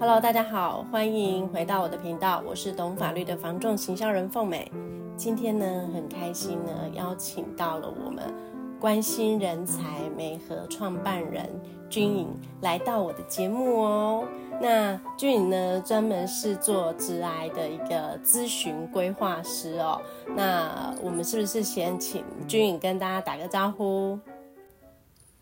Hello，大家好，歡迎回到我的頻道，我是懂法律的房仲行銷人鳳美。今天呢，很開心呢，邀請到了我們關心人才媒合創辦人君穎來到我的節目哦。那君穎呢，專門是做職涯的一個諮詢規劃師哦。那我們是不是先請君穎跟大家打個招呼？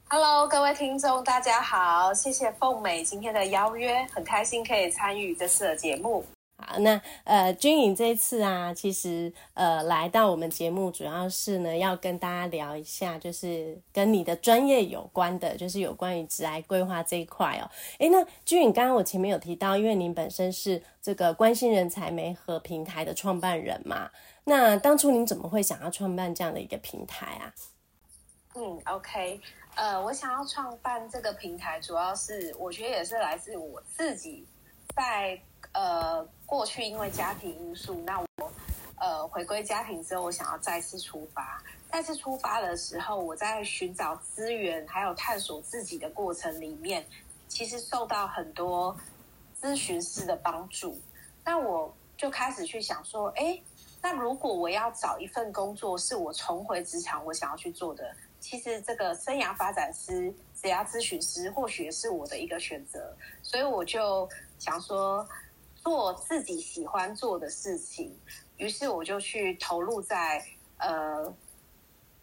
Hello，各位聽眾，大家好！謝謝鳳美今天的邀約，很開心可以參與這次的節目。好，那呃，君穎這次啊，其實呃，來到我們節目，主要是呢要跟大家聊一下，就是跟你的專業有關的，就是有關於職涯規劃這一塊哦。誒那君穎，剛剛我前面有提到，因為您本身是這個關心人才媒合平台的創辦人嘛，那當初您怎麼會想要創辦這樣的一個平台啊？嗯，OK，呃，我想要創辦這個平台，主要是我覺得也是來自我自己在，在呃過去因為家庭因素，那我呃回歸家庭之後，我想要再次出發。再次出發的時候，我在尋找資源還有探索自己的過程裡面，其實受到很多諮詢師的幫助。那我就開始去想說，哎、欸，那如果我要找一份工作，是我重回職場我想要去做的。其實這個生涯發展師、職涯諮詢師，或許也是我的一個選擇，所以我就想說做自己喜歡做的事情。於是我就去投入在呃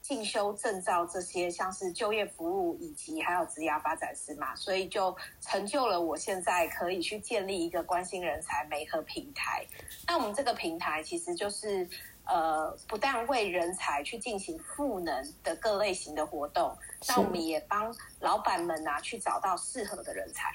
進修證照這些，像是就業服務以及還有職業發展師嘛，所以就成就了我現在可以去建立一個關心人才媒合平台。那我們這個平台其實就是。呃，不但為人才去進行賦能的各類型的活動，那我們也幫老板們吶、啊、去找到適合的人才。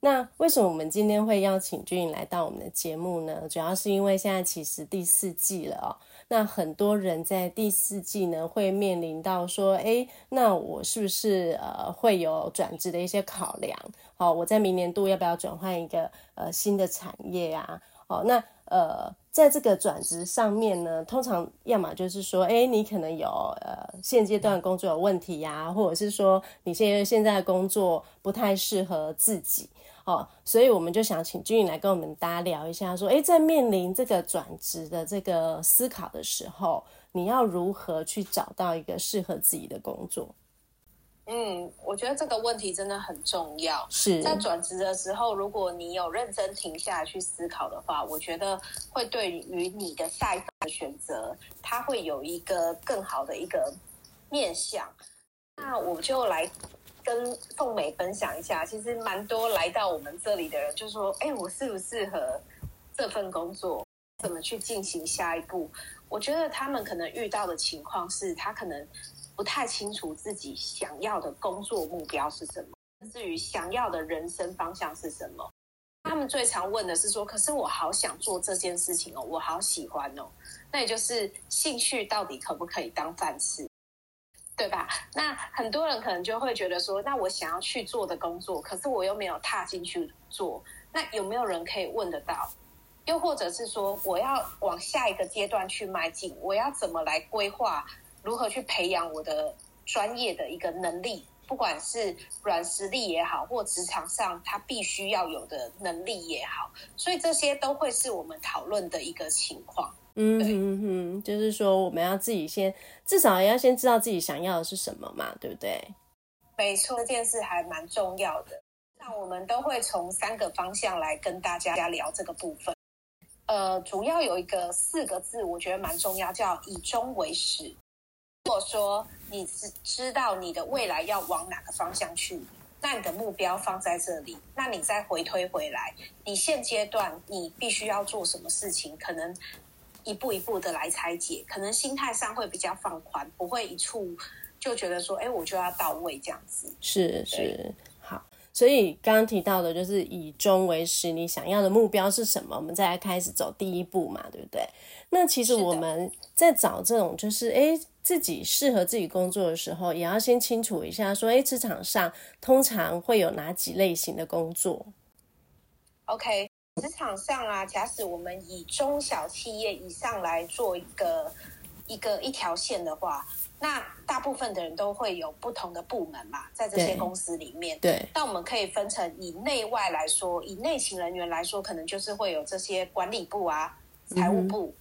那為什麼我們今天會邀請君穎來到我們的節目呢？主要是因為現在其實第四季了哦，那很多人在第四季呢會面臨到說，哎、欸，那我是不是呃會有轉職的一些考量？好、哦，我在明年度要不要轉換一個呃新的產業啊？好、哦，那。呃，在這個轉職上面呢，通常要麼就是說，哎，你可能有呃現階段工作有問題呀、啊，或者是說你現在現在的工作不太適合自己哦，所以我們就想請君穎來跟我們大家聊一下，說，哎，在面臨這個轉職的這個思考的時候，你要如何去找到一個適合自己的工作？嗯，我覺得這個問題真的很重要。是在轉職的時候，如果你有認真停下來去思考的話，我覺得會對於你的下一步的選擇，它會有一個更好的一個面向。那我就來跟鳳美分享一下，其實蠻多來到我們這裡的人就說：“哎，我適不適合這份工作？怎麼去進行下一步？”我覺得他們可能遇到的情況是，他可能。不太清楚自己想要的工作目標是什麼，甚至於想要的人生方向是什麼。他們最常問的是說：“可是我好想做這件事情哦，我好喜歡哦。”那也就是興趣到底可不可以當飯吃，對吧？那很多人可能就會覺得說：“那我想要去做的工作，可是我又沒有踏進去做，那有沒有人可以問得到？又或者是說，我要往下一個階段去邁進，我要怎麼來規劃？”如何去培養我的專業的一個能力，不管是軟實力也好，或職場上他必須要有的能力也好，所以這些都會是我們討論的一個情況。嗯嗯，嗯，就是說我們要自己先至少要先知道自己想要的是什麼嘛，對不對？沒錯，這件事還蠻重要的。那我們都會從三個方向來跟大家聊這個部分。呃，主要有一個四個字，我覺得蠻重要，叫以終為始。如果說你知知道，你的未來要往哪個方向去，那你的目標放在這裡，那你再回推回來，你現階段你必須要做什麼事情，可能一步一步的來拆解，可能心態上會比較放寬，不會一觸就覺得說，哎，我就要到位這樣子。是是，好，所以剛剛提到的就是以終為始，你想要的目標是什麼？我們再來開始走第一步嘛，對不對？那其實我們在找這種就是，哎。自己適合自己工作的時候，也要先清楚一下，說：哎，職場上通常會有哪幾類型的工作？OK，職場上啊，假使我們以中小企業以上來做一個一個一條線的話，那大部分的人都會有不同的部門嘛，在這些公司裡面。對。對，但我們可以分成以內外來說，以內勤人員來說，可能就是會有這些管理部啊、財務部、嗯、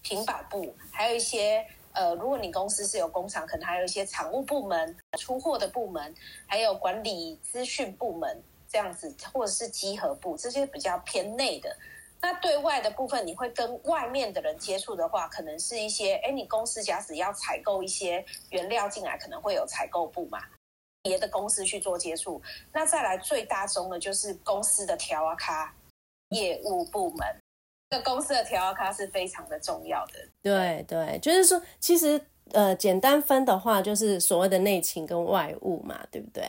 平保部，還有一些。呃，如果你公司是有工廠，可能還有一些財務部門、出貨的部門，還有管理資訊部門這樣子，或者是集合部這些比較偏內的。那對外的部分，你會跟外面的人接觸的話，可能是一些，哎，你公司假使要採購一些原料進來，可能會有採購部嘛，別的公司去做接觸。那再來最大宗的，就是公司的條啊卡業務部門。這個、公司的調卡是非常的重要的。對對，就是說，其實呃，簡單分的話，就是所謂的內勤跟外務嘛，對不對？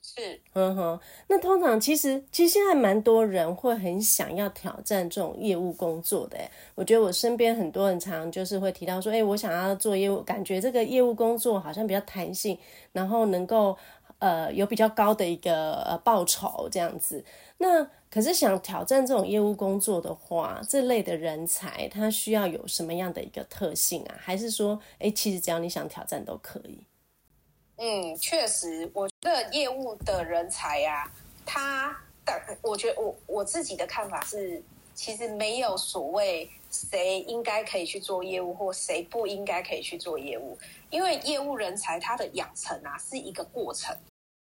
是，嗯哼。那通常其實，其實現在蠻多人會很想要挑戰這種業務工作的。我覺得我身邊很多人常常就是會提到說，哎、欸，我想要做業務，感覺這個業務工作好像比較彈性，然後能夠呃有比較高的一個呃報酬這樣子。那可是想挑戰這種業務工作的話，這類的人才他需要有什麼樣的一個特性啊？還是說，哎、欸，其實只要你想挑戰都可以？嗯，確實，我覺得業務的人才啊，他的我覺得我我自己的看法是，其實沒有所謂誰應該可以去做業務或誰不應該可以去做業務，因為業務人才他的養成啊是一個過程。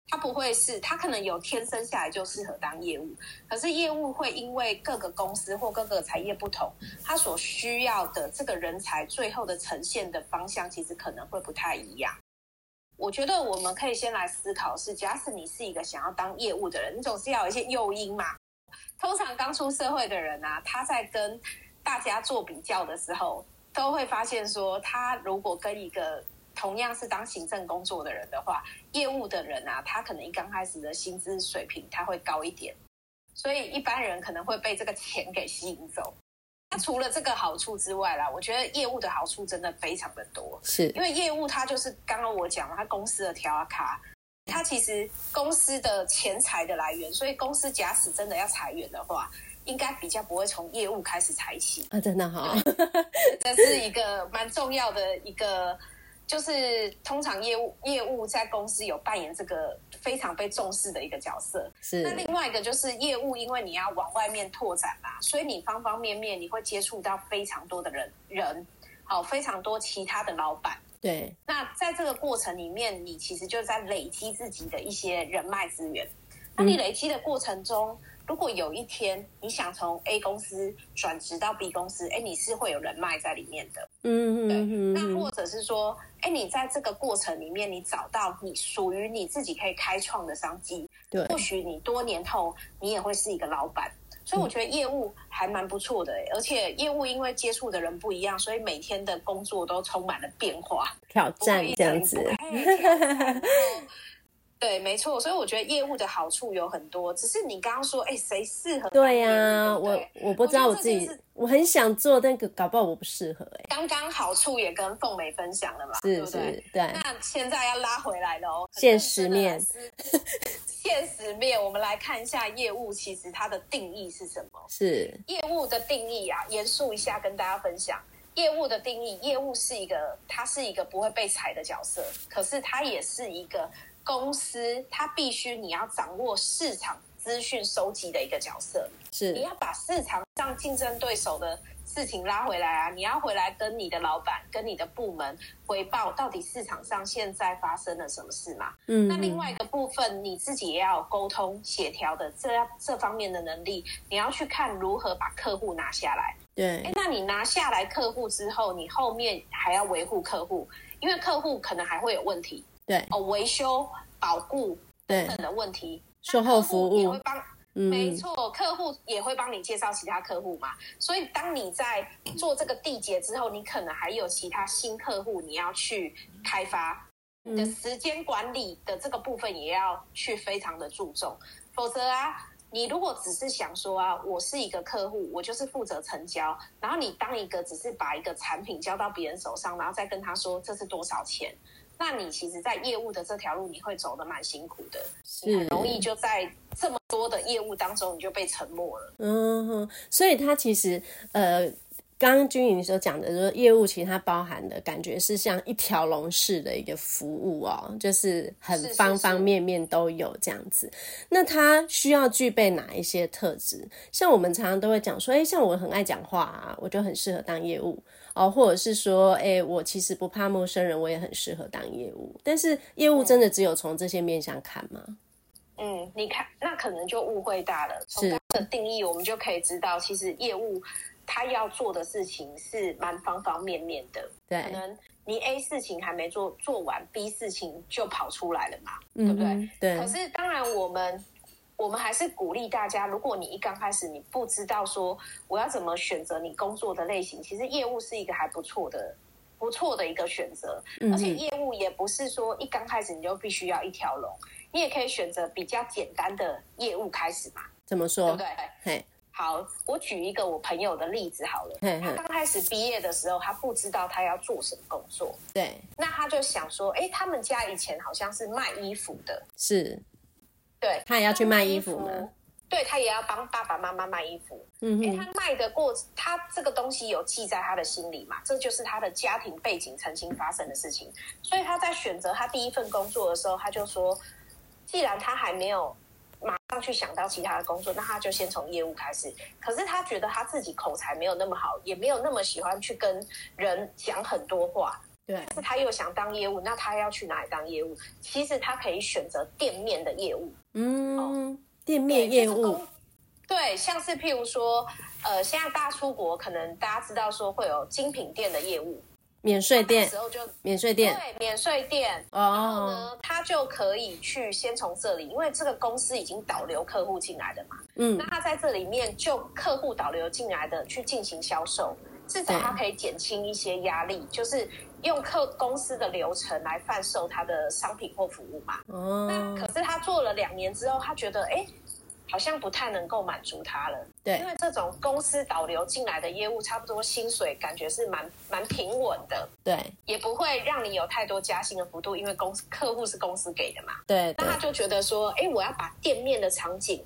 他不會是，他可能有天生下來就適合當業務，可是業務會因為各個公司或各個產業不同，他所需要的這個人才最後的呈現的方向，其實可能會不太一樣。我覺得我們可以先來思考是，是假使你是一個想要當業務的人，你總是要有一些誘因嘛。通常剛出社會的人啊，他在跟大家做比較的時候，都會發現說，他如果跟一個。同樣是當行政工作的人的話，業務的人啊，他可能一剛開始的薪資水平他會高一點，所以一般人可能會被這個錢給吸引走。他除了這個好處之外啦，我覺得業務的好處真的非常的多，是因為業務他就是剛剛我講了，他公司的條卡，他其實公司的錢財的來源，所以公司假使真的要裁員的話，應該比較不會從業務開始裁起。啊，真的哈、哦，這是一個蠻重要的一個。就是通常業務業務在公司有扮演這個非常被重視的一個角色，是。那另外一個就是業務，因為你要往外面拓展嘛，所以你方方面面你會接觸到非常多的人人，好、哦，非常多其他的老闆。對。那在這個過程裡面，你其實就是在累積自己的一些人脈資源。那你累積的過程中。嗯如果有一天你想從 A 公司轉職到 B 公司，哎，你是會有人脈在裡面的，嗯嗯，對。那或者是說，哎，你在這個過程裡面，你找到你屬於你自己可以開創的商機，對，或許你多年後你也會是一個老闆。所以我覺得業務還蠻不錯的，嗯，而且業務因為接觸的人不一樣，所以每天的工作都充滿了變化，挑戰這樣子。 對，沒錯，所以我覺得業務的好處有很多，只是你剛剛說，哎，誰適合？對呀、啊，我我不知道我自己，我自己，我很想做，但搞不好我不適合。剛剛好處也跟鳳梅分享了嘛，是，是對不對？對。那現在要拉回來了哦，現實面，現實面， 現實面，我們來看一下業務，其實它的定義是什麼？是業務的定義啊，嚴肅一下跟大家分享，業務的定義，業務是一個，它是一個不會被踩的角色，可是它也是一個。嗯公司它，必須你要掌握市場資訊收集的一個角色，是你要把市場上競爭對手的事情拉回來啊，你要回來跟你的老闆、跟你的部門回報到底市場上現在發生了什麼事嘛？嗯，那另外一個部分，你自己也要溝通協調的，這這方面的能力你要去看如何把客戶拿下來。對，哎，那你拿下來客戶之後，你後面還要維護客戶，因為客戶可能還會有問題。對哦，維修、保固等等的問題，售後服務也會幫。嗯，沒錯，客戶也會幫你介紹其他客戶嘛。所以，當你在做這個締結之後，你可能還有其他新客戶你要去開發。嗯，你的時間管理的這個部分也要去非常的注重，否則啊，你如果只是想說啊，我是一個客戶，我就是負責成交，然後你當一個只是把一個產品交到別人手上，然後再跟他說這是多少錢。那你其實，在業務的這條路，你會走得蠻辛苦的，很容易就在這麼多的業務當中，你就被沉默了。嗯、哦，所以他其實，呃，剛剛君穎所講的，是業務其實它包含的感覺是像一條龍式的一個服務哦，就是很方方面面都有這樣子。是是是，那他需要具備哪一些特質？像我們常常都會講說，哎，像我很愛講話、啊，我就很適合當業務。哦，或者是說、欸，我其實不怕陌生人，我也很適合當業務。但是業務真的只有從這些面向看嗎？嗯，你看，那可能就誤會大了。從它的定義，我們就可以知道，其實業務他要做的事情是蠻方方面面的。對，可能你 A 事情還沒做做完，B 事情就跑出來了嘛、嗯，對不對？對。可是當然我們。我們還是鼓勵大家，如果你一剛開始，你不知道說我要怎麼選擇你工作的類型，其實業務是一個還不錯的、不錯的一個選擇。而且業務也不是說一剛開始你就必須要一條龍，你也可以選擇比較簡單的業務開始嘛。怎麼說？對不對，嘿、hey.，好，我舉一個我朋友的例子好了。Hey, hey. 他剛開始畢業的時候，他不知道他要做什麼工作。對、hey.，那他就想說，哎，他們家以前好像是賣衣服的。是。對他也要去賣衣服呢，服對他也要幫爸爸媽媽賣衣服。嗯，因為、欸、他賣的過程，他這個東西有記在他的心裡嘛。這就是他的家庭背景曾經發生的事情，所以他在選擇他第一份工作的時候，他就說，既然他還沒有馬上去想到其他的工作，那他就先從業務開始。可是他覺得他自己口才沒有那麼好，也沒有那麼喜歡去跟人講很多話。對，但是他又想當業務，那他要去哪裡當業務？其實他可以選擇店面的業務，嗯，店面業務，對、就是，對，像是譬如說，呃，現在大家出國，可能大家知道說會有精品店的業務，免稅店，時候就免稅店，對，免稅店，哦，然後呢，他就可以去先從這裡，因為這個公司已經導流客戶進來的嘛，嗯，那他在這裡面就客戶導流進來的去進行銷售，至少他可以減輕一些壓力，嗯、就是。用客公司的流程來販售他的商品或服務嘛？嗯、oh. 可是他做了兩年之後，他覺得哎，好像不太能夠滿足他了。對，因為這種公司導流進來的業務，差不多薪水感覺是蠻蠻平穩的。對，也不會讓你有太多加薪的幅度，因為公司客戶是公司給的嘛。對，對，那他就覺得說，哎，我要把店面的場景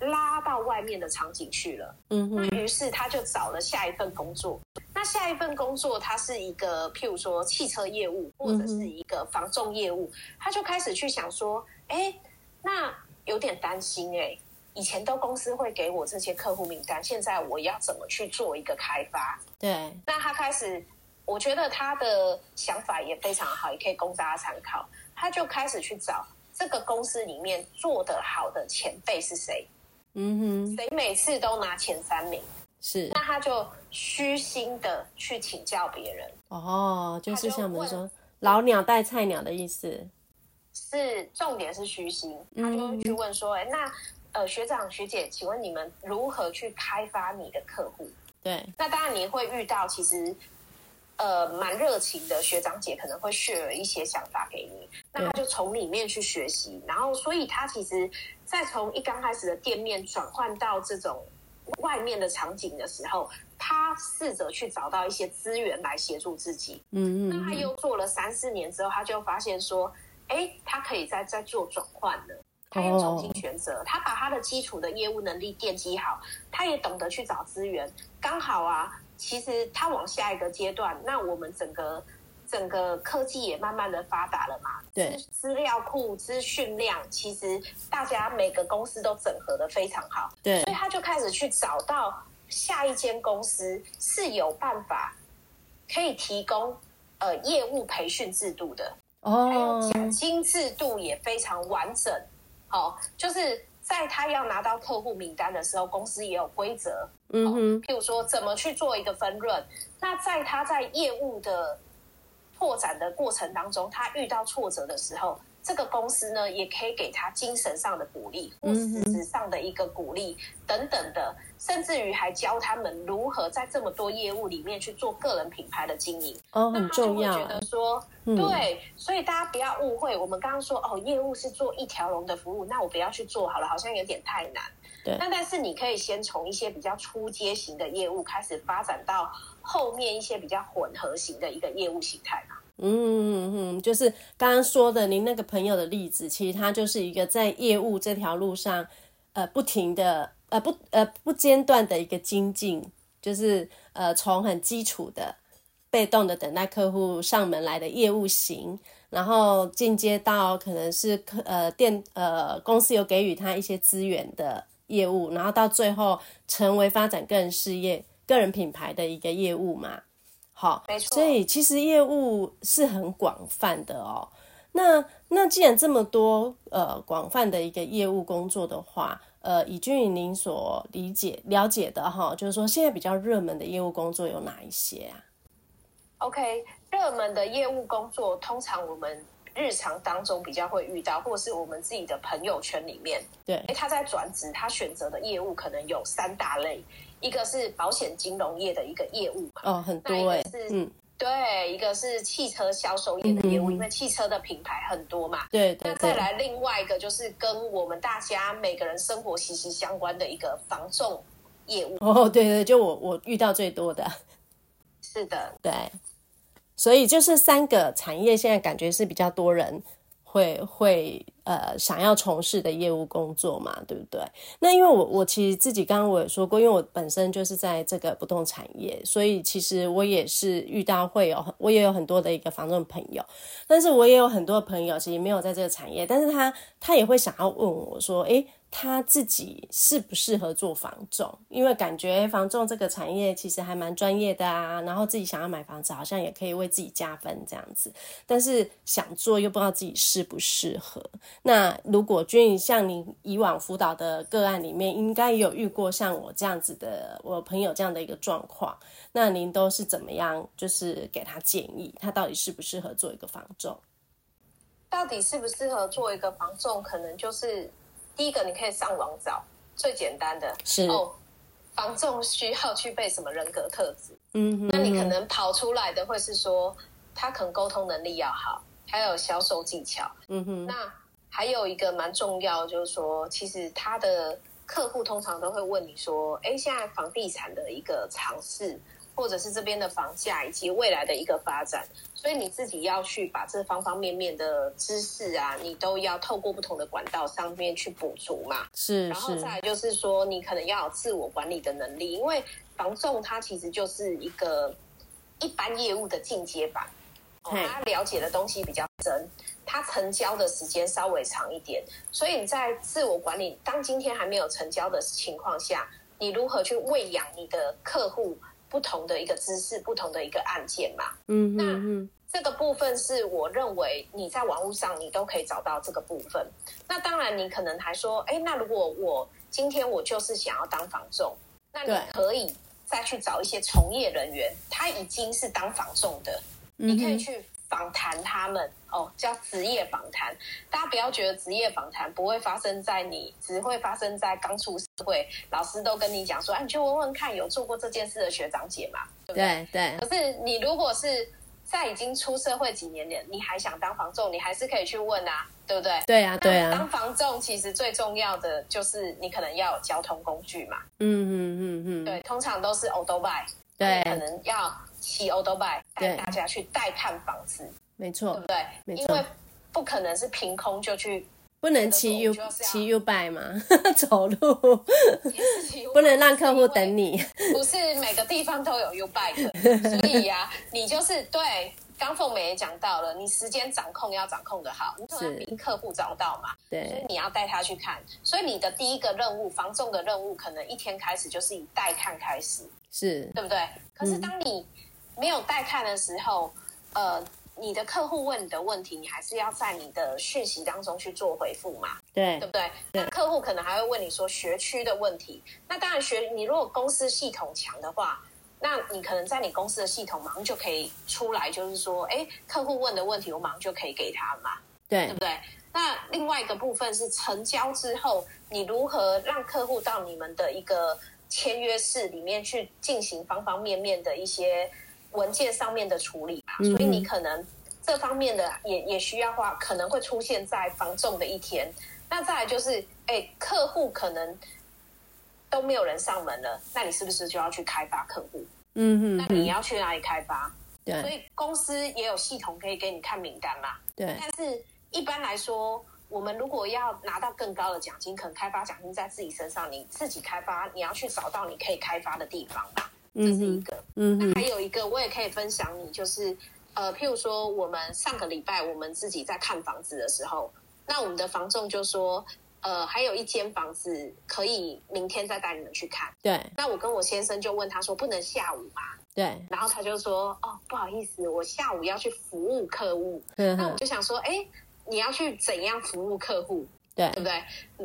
拉到外面的場景去了。嗯哼，那於是他就找了下一份工作。他下一份工作，他是一個譬如說汽車業務或者是一個房仲業務、嗯，他就開始去想說，哎、欸，那有點擔心哎、欸。以前的公司會給我這些客戶名單，現在我要怎麼去做一個開發？對。那他開始，我覺得他的想法也非常好，也可以供大家參考。他就開始去找這個公司裡面做得好的前輩是誰？嗯哼，誰每次都拿前三名？是，那他就虛心的去請教別人哦，就是像我們說老鳥帶菜鳥的意思，是重點是虛心，嗯，他就去問說，哎，那呃學長學姐，請問你們如何去開發你的客戶？對，那當然你會遇到其實，呃，蠻熱情的學長姐可能會 share 一些想法給你，那他就從裡面去學習，然後所以他其實，在從一剛開始的店面轉換到這種。外面的場景的時候，他試着去找到一些資源來協助自己。嗯嗯。那他又做了三四年之後，他就發現說，哎，他可以再再做轉換了。他又重新選擇，他把他的基礎的業務能力奠基好，他也懂得去找資源。剛好啊，其實他往下一個階段，那我們整個。整個科技也慢慢的發達了嘛？對，資料庫、資訊量，其實大家每個公司都整合的非常好。對，所以他就開始去找到下一間公司是有辦法可以提供呃業務培訓制度的哦，oh. 還有獎金制度也非常完整。好，哦，就是在他要拿到客戶名單的時候，公司也有規則。嗯，mm -hmm. 哦，譬如說怎麼去做一個分潤，那在他在業務的。拓展的過程當中，他遇到挫折的時候，這個公司呢也可以給他精神上的鼓勵，或物質上的一個鼓勵等等的，甚至於還教他們如何在這麼多業務裡面去做個人品牌的經營。哦，很重要。那他就會覺得說、嗯，對，所以大家不要誤會，我們剛剛說哦，業務是做一條龍的服務，那我不要去做好了，好像有點太難。那但，但是你可以先從一些比較初階型的業務開始發展到後面一些比較混合型的一個業務形態嘛？嗯嗯，就是剛剛說的您那個朋友的例子，其實他就是一個在業務這條路上呃不停的呃不呃不間斷的一個精進，就是呃從很基礎的被動的等待客戶上門來的業務型，然後進階到可能是客呃電呃公司有給予他一些資源的。業務，然後到最後成為發展個人事業、個人品牌的一個業務嘛。好、哦，沒錯。所以其實業務是很廣泛的哦。那那既然這麼多呃廣泛的一個業務工作的話，呃，以君穎您所理解了解的哈、哦，就是說現在比較熱門的業務工作有哪一些啊？OK，熱門的業務工作通常我們。日常當中比較會遇到，或是我們自己的朋友圈裡面，對，他在轉職，他選擇的業務可能有三大類，一個是保險金融業的一個業務嘛，哦，很多、欸，一個是、嗯，對，一個是汽車銷售業的業務，嗯、因為汽車的品牌很多嘛，對,對,對，那再來另外一個就是跟我們大家每個人生活息息相關的一個房仲業務，哦，對對，就我我遇到最多的，是的，對。所以就是三個產業，現在感覺是比較多人會會呃想要從事的業務工作嘛，對不對？那因為我我其實自己剛剛我也說過，因為我本身就是在這個不動產業，所以其實我也是遇到會有我也有很多的一個房東朋友，但是我也有很多朋友其實沒有在這個產業，但是他他也會想要問我說，誒。他自己適不適合做房仲？因為感覺房仲這個產業其實還蠻專業的啊，然後自己想要買房子，好像也可以為自己加分這樣子。但是想做又不知道自己適不適合。那如果君穎像您以往輔導的個案裡面，應該也有遇過像我這樣子的，我朋友這樣的一個狀況。那您都是怎麼樣，就是給他建議，他到底適不適合做一個房仲？到底適不適合做一個房仲，可能就是。第一個，你可以上網找最簡單的，是哦。房仲需要具備什麼人格特質？嗯哼，那你可能跑出來的會是說，他可能溝通能力要好，還有銷售技巧。嗯哼，那還有一個蠻重要，就是說，其實他的客戶通常都會問你說，哎、欸，現在房地產的一個嘗試。或者是這邊的房價以及未來的一個發展，所以你自己要去把這方方面面的知識啊，你都要透過不同的管道上面去補足嘛。是，然後再來就是說，你可能要有自我管理的能力，因為房仲它其實就是一個一般業務的進階版，哦，它了解的東西比較深，它成交的時間稍微長一點，所以你在自我管理，當今天還沒有成交的情況下，你如何去餵養你的客戶？不同的一個知識，不同的一個案件嘛。嗯、mm -hmm.，那這個部分是我認為你在網絡上你都可以找到這個部分。那當然，你可能還說，哎，那如果我今天我就是想要當房仲，那你可以再去找一些從業人員，他已經是當房仲的，mm -hmm. 你可以去。訪談他們哦，叫職業訪談。大家不要覺得職業訪談不會發生在你，只會發生在剛出社會。老師都跟你講說，哎、啊，你去問問看有做過這件事的學長姐嘛，對不對？對。對可是你如果是在已經出社會幾年了，你還想當房仲，你還是可以去問啊，對不對？對啊，對啊。當房仲其實最重要的就是你可能要有交通工具嘛。嗯嗯嗯嗯。對，通常都是 autobike。對。可能要。騎 U Bike 帶大家去帶看房子，沒錯，對不對？因為不可能是憑空就去，不能騎 U 騎 U Bike 嗎？ 走路不能讓客戶等你，是不是每個地方都有 U Bike 的？所以呀、啊，你就是對。剛鳳美也講到了，你時間掌控要掌控的好，你總要比客戶早到嘛，對，所以你要帶他去看。所以你的第一個任務，房仲的任務，可能一天開始就是以帶看開始，是對不對？可是當你、嗯沒有帶看的時候，呃，你的客戶問你的問題，你還是要在你的訊息當中去做回復嘛？對，對不對？對那客戶可能還會問你說學區的問題，那當然學你如果公司系統強的話，那你可能在你公司的系統馬上就可以出來，就是說，哎，客戶問的問題，我馬上就可以給他嘛？對，對不對？那另外一個部分是成交之後，你如何讓客戶到你們的一個簽約室裡面去進行方方面面的一些。文件上面的處理啊，所以你可能這方面的也也需要花，可能會出現在房仲的一天。那再來就是，哎、欸，客戶可能都沒有人上門了，那你是不是就要去開發客戶？嗯嗯。那你要去哪裡開發？對。所以公司也有系統可以給你看名單嘛？對。但是一般來說，我們如果要拿到更高的獎金，可能開發獎金在自己身上，你自己開發，你要去找到你可以開發的地方嘛這是一個，嗯。那還有一個，我也可以分享你，就是呃，譬如說，我們上個禮拜我們自己在看房子的時候，那我們的房仲就說，呃，還有一間房子可以明天再帶你們去看。對，那我跟我先生就問他說，不能下午嗎？對，然後他就說，哦，不好意思，我下午要去服務客戶。嗯，那我就想說，哎，你要去怎樣服務客戶？對，對不對？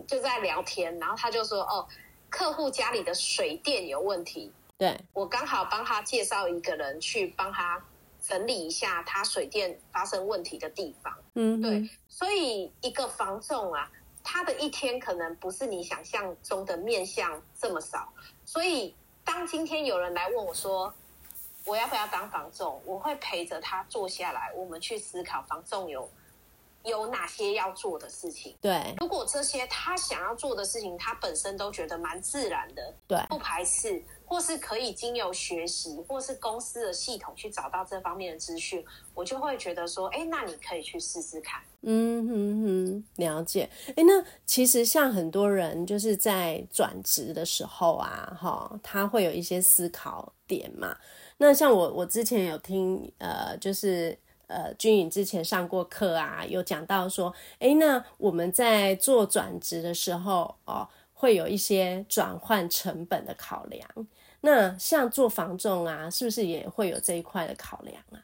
就在聊天，然後他就說，哦，客戶家裡的水電有問題。對，我剛好幫他介紹一個人去幫他整理一下他水電發生問題的地方，嗯，對，所以一個房仲啊，他的一天可能不是你想象中的面向這麼少。所以當今天有人來問我說，我要不要當房仲？我會陪着他坐下來，我們去思考房仲有有哪些要做的事情。對，如果這些他想要做的事情，他本身都覺得蠻自然的，對，不排斥。或是可以經由學習，或是公司的系統去找到這方面的資訊，我就會覺得說，哎，那你可以去試試看。嗯哼哼、嗯嗯，了解。哎，那其實像很多人就是在轉職的時候啊，哈、哦，他會有一些思考點嘛。那像我，我之前有聽，呃，就是呃，君穎之前上過課啊，有講到說，哎，那我們在做轉職的時候哦，會有一些轉換成本的考量。那像做房仲啊，是不是也會有這一塊的考量啊？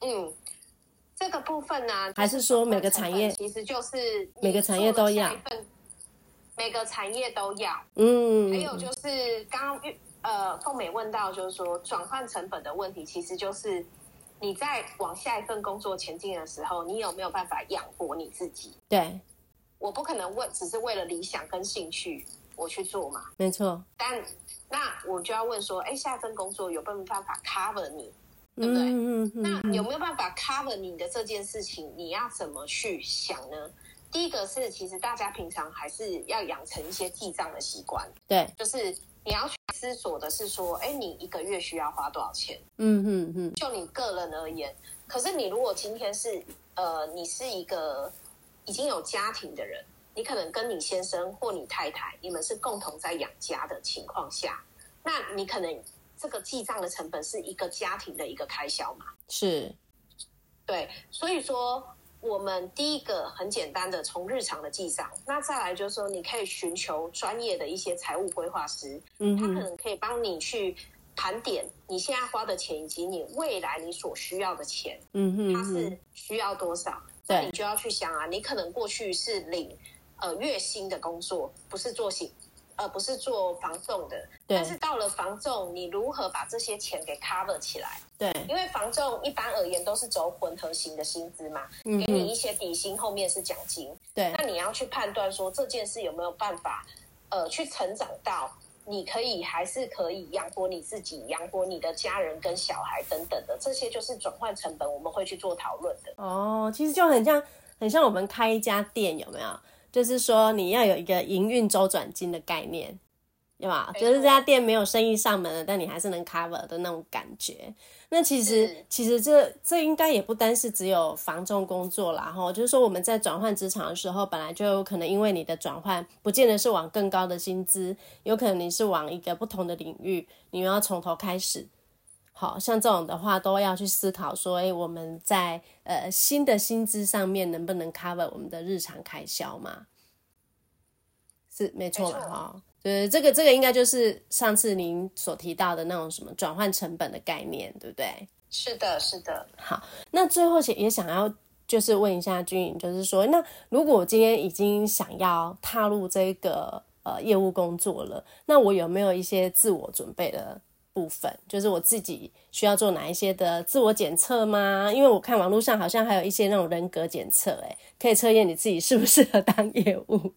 嗯，這個部分呢，啊，還是說每個產業其實就是每個產業都要，每個產業都要。嗯，還有就是剛剛呃鳳美問到，就是說轉換成本的問題，其實就是你在往下一份工作前進的時候，你有沒有辦法養活你自己？對，我不可能問只是為了理想跟興趣。我去做嘛，沒錯。但那我就要問說，哎，下一份工作有沒有辦法 cover 你，對不對？嗯嗯。那有沒有辦法 cover 你的這件事情？你要怎麼去想呢？第一個是，其實大家平常還是要養成一些記賬的習慣。對，就是你要去思索的是說，哎，你一個月需要花多少錢？嗯嗯嗯。就你個人而言，可是你如果今天是呃，你是一個已經有家庭的人。你可能跟你先生或你太太，你們是共同在養家的情況下，那你可能這個記賬的成本是一個家庭的一個開銷嘛。是，對。所以說，我們第一個很簡單的從日常的記賬，那再來就是說，你可以尋求專業的一些財務規劃師，嗯，他可能可以幫你去盤點你現在花的錢，以及你未來你所需要的錢，嗯哼，嗯，他是需要多少？對，所以你就要去想啊，你可能過去是領。呃，月薪的工作不是做行，而、呃、不是做房仲的。對。但是到了房仲，你如何把這些錢給 cover 起來？對，因為房仲一般而言都是走混合型的薪資嘛，嗯嗯給你一些底薪，後面是獎金。對，那你要去判斷說這件事有沒有辦法，呃，去成長到你可以還是可以養活你自己、養活你的家人跟小孩等等的，這些就是轉換成本，我們會去做討論的。哦，其實就很像，很像我們開一家店，有沒有？就是說，你要有一個營運週轉金的概念，對吧？對對對。就是這家店沒有生意上門了，但你還是能 cover 的那種感覺。那其實，其實這這應該也不單是只有房仲工作啦哈。就是說，我們在轉換職場的時候，本來就有可能因為你的轉換，不見得是往更高的薪資，有可能你是往一個不同的領域，你要從頭開始。好像這種的話，都要去思考說，欸，我們在呃新的薪資上面能不能 cover 我們的日常開銷嘛？是沒錯了哈，對，這個這個應該就是上次您所提到的那種什麼轉換成本的概念，對不對？是的，是的。好，那最後也也想要就是問一下君穎，就是說，那如果我今天已經想要踏入這個呃業務工作了，那我有沒有一些自我準備的？部分就是我自己需要做哪一些的自我檢測嗎？因為我看網絡上好像還有一些那種人格檢測，欸，誒，可以測驗你自己適不適合當業務。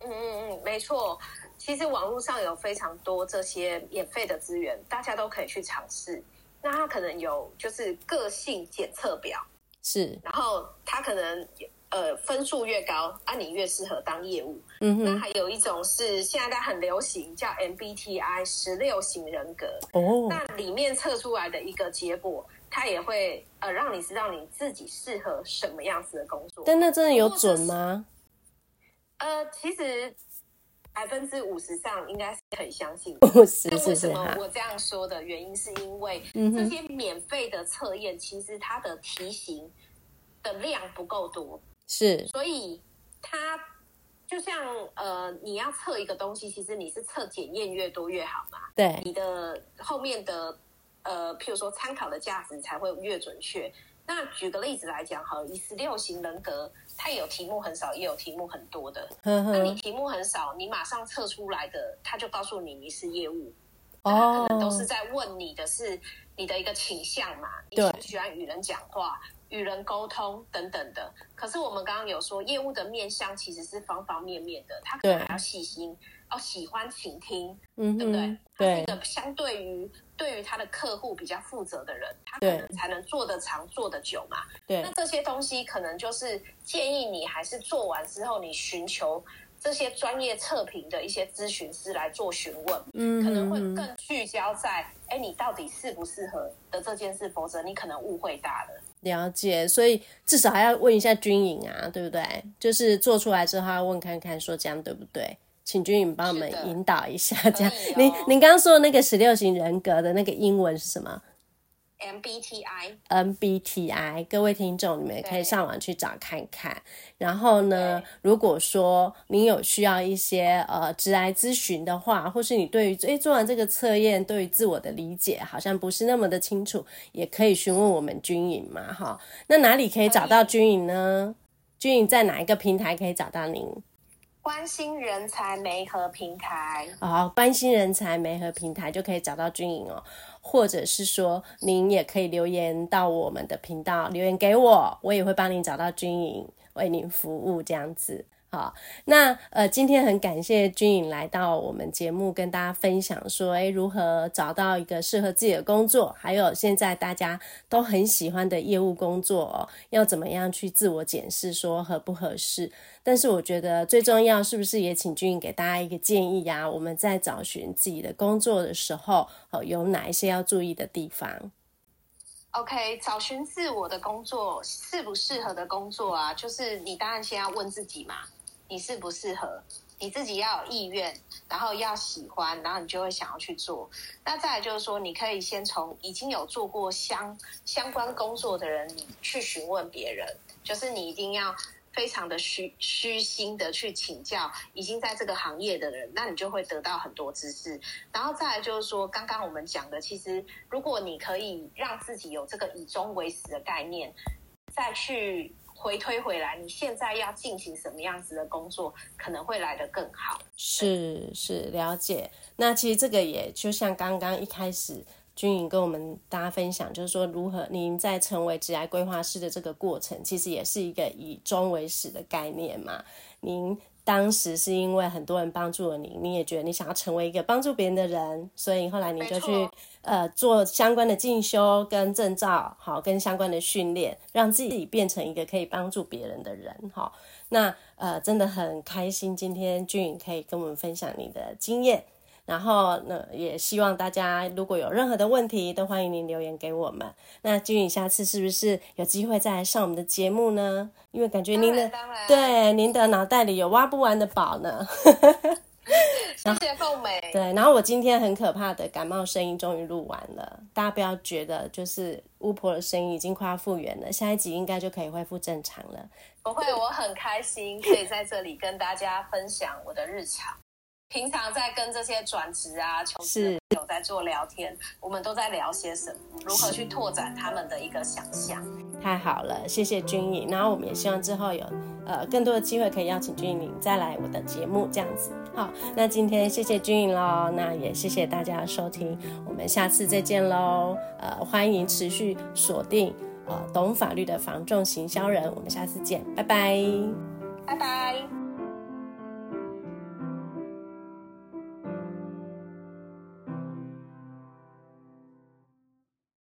嗯嗯嗯，沒錯，其實網絡上有非常多這些免費的資源，大家都可以去嘗試。那它可能有就是個性檢測表，是，然後它可能。呃，分數越高，啊，你越適合當業務。嗯哼，那還有一種是現在很流行叫 MBTI 十六型人格哦。那裡面測出來的一個結果，它也會呃讓你知道你自己適合什麼樣子的工作。真的真的有準嗎？呃，其實百分之五十上應該是很相信五十。那為什麼我這樣說的原因是因為這些免費的測驗，嗯，其實它的題型的量不夠多。是，所以他就像呃，你要測一個東西，其實你是測檢驗越多越好嘛。對，你的後面的呃，譬如說參考的價值才會越準確。那舉個例子來講，好，以十六型人格，它也有題目很少，也有題目很多的。呵呵，那你題目很少，你馬上測出來的，他就告訴你你是業務，哦、oh，可能都是在問你的是你的一個傾向嘛，你喜不喜歡與人講話。與人溝通等等的，可是我們剛剛有說業務的面向其實是方方面面的，他可能還要細心，哦，喜歡傾聽，嗯，對不對？對，他是一個相對於對於他的客戶比較負責的人，他可能才能做得長做得久嘛。對，那這些東西可能就是建議你還是做完之後，你尋求這些專業測評的一些諮詢師來做詢問，嗯，可能會更聚焦在哎，欸，你到底適不適合的這件事，否則你可能誤會大了。了解，所以至少還要問一下君穎啊，對不對？就是做出來之後要問看看，說這樣對不對？請君穎幫我們引導一下。這樣，您您、哦、剛剛說的那個十六型人格的那個英文是什麼？MBTI，MBTI，MBTI，各位聽眾，你們也可以上網去找看看。然後呢，如果說您有需要一些呃職涯諮詢的話，或是你對於誒做完這個測驗對於自我的理解好像不是那麼的清楚，也可以詢問我們君穎嘛，哈。那哪裡可以找到君穎呢？君穎在哪一個平台可以找到您？關心人才媒合平台啊、哦，關心人才媒合平台就可以找到君穎哦，或者是說您也可以留言到我們的頻道，留言給我，我也會幫您找到君穎為您服務這樣子。好，那呃，今天很感謝君穎來到我們節目，跟大家分享說，哎，如何找到一個適合自己的工作，還有現在大家都很喜歡的業務工作哦，要怎麼樣去自我檢視，說合不合適？但是我覺得最重要，是不是也請君穎給大家一個建議呀、啊？我們在找尋自己的工作的時候，哦，有哪一些要注意的地方？OK，找尋自我的工作，適不適合的工作啊？就是你當然先要問自己嘛。你適不適合？你自己要有意願，然後要喜歡，然後你就會想要去做。那再來就是說，你可以先從已經有做過相相關工作的人，你去詢問別人，就是你一定要非常的虛虛心的去請教已經在這個行業的人，那你就會得到很多知識。然後再來就是說，剛剛我們講的，其實如果你可以讓自己有這個以終為始的概念，再去。回推回來，你現在要進行什麼樣子的工作，可能會來得更好。是是，了解。那其實這個也就像剛剛一開始，君穎跟我們大家分享，就是說如何您在成為職涯規劃師的這個過程，其實也是一個以終為始的概念嘛。您當時是因為很多人幫助了你，你也覺得你想要成為一個幫助別人的人，所以後來你就去。呃，做相關的進修跟證照，好，跟相關的訓練，讓自己變成一個可以幫助別人的人，哈。那呃，真的很開心，今天君穎可以跟我們分享你的經驗，然後呢，也希望大家如果有任何的問題，都歡迎您留言給我們。那君穎，下次是不是有機會再來上我們的節目呢？因為感覺您的，對，您的腦袋裡有挖不完的寶呢。 謝謝鳳美。對，然後我今天很可怕的感冒聲音終於錄完了，大家不要覺得就是巫婆的聲音已經快要復原了，下一集應該就可以恢復正常了。不會，我很開心可以在這裡跟大家分享我的日常。 平常在跟這些轉職啊、求職、有在做聊天，我們都在聊些什麼？如何去拓展他們的一個想象？太好了，謝謝君穎。然後我們也希望之後有呃更多的機會可以邀請君穎再來我的節目，這樣子。好，那今天謝謝君穎嘍，那也謝謝大家的收聽，我們下次再見嘍。呃，歡迎持續鎖定呃懂法律的房仲行銷人，我們下次見，拜拜，拜拜。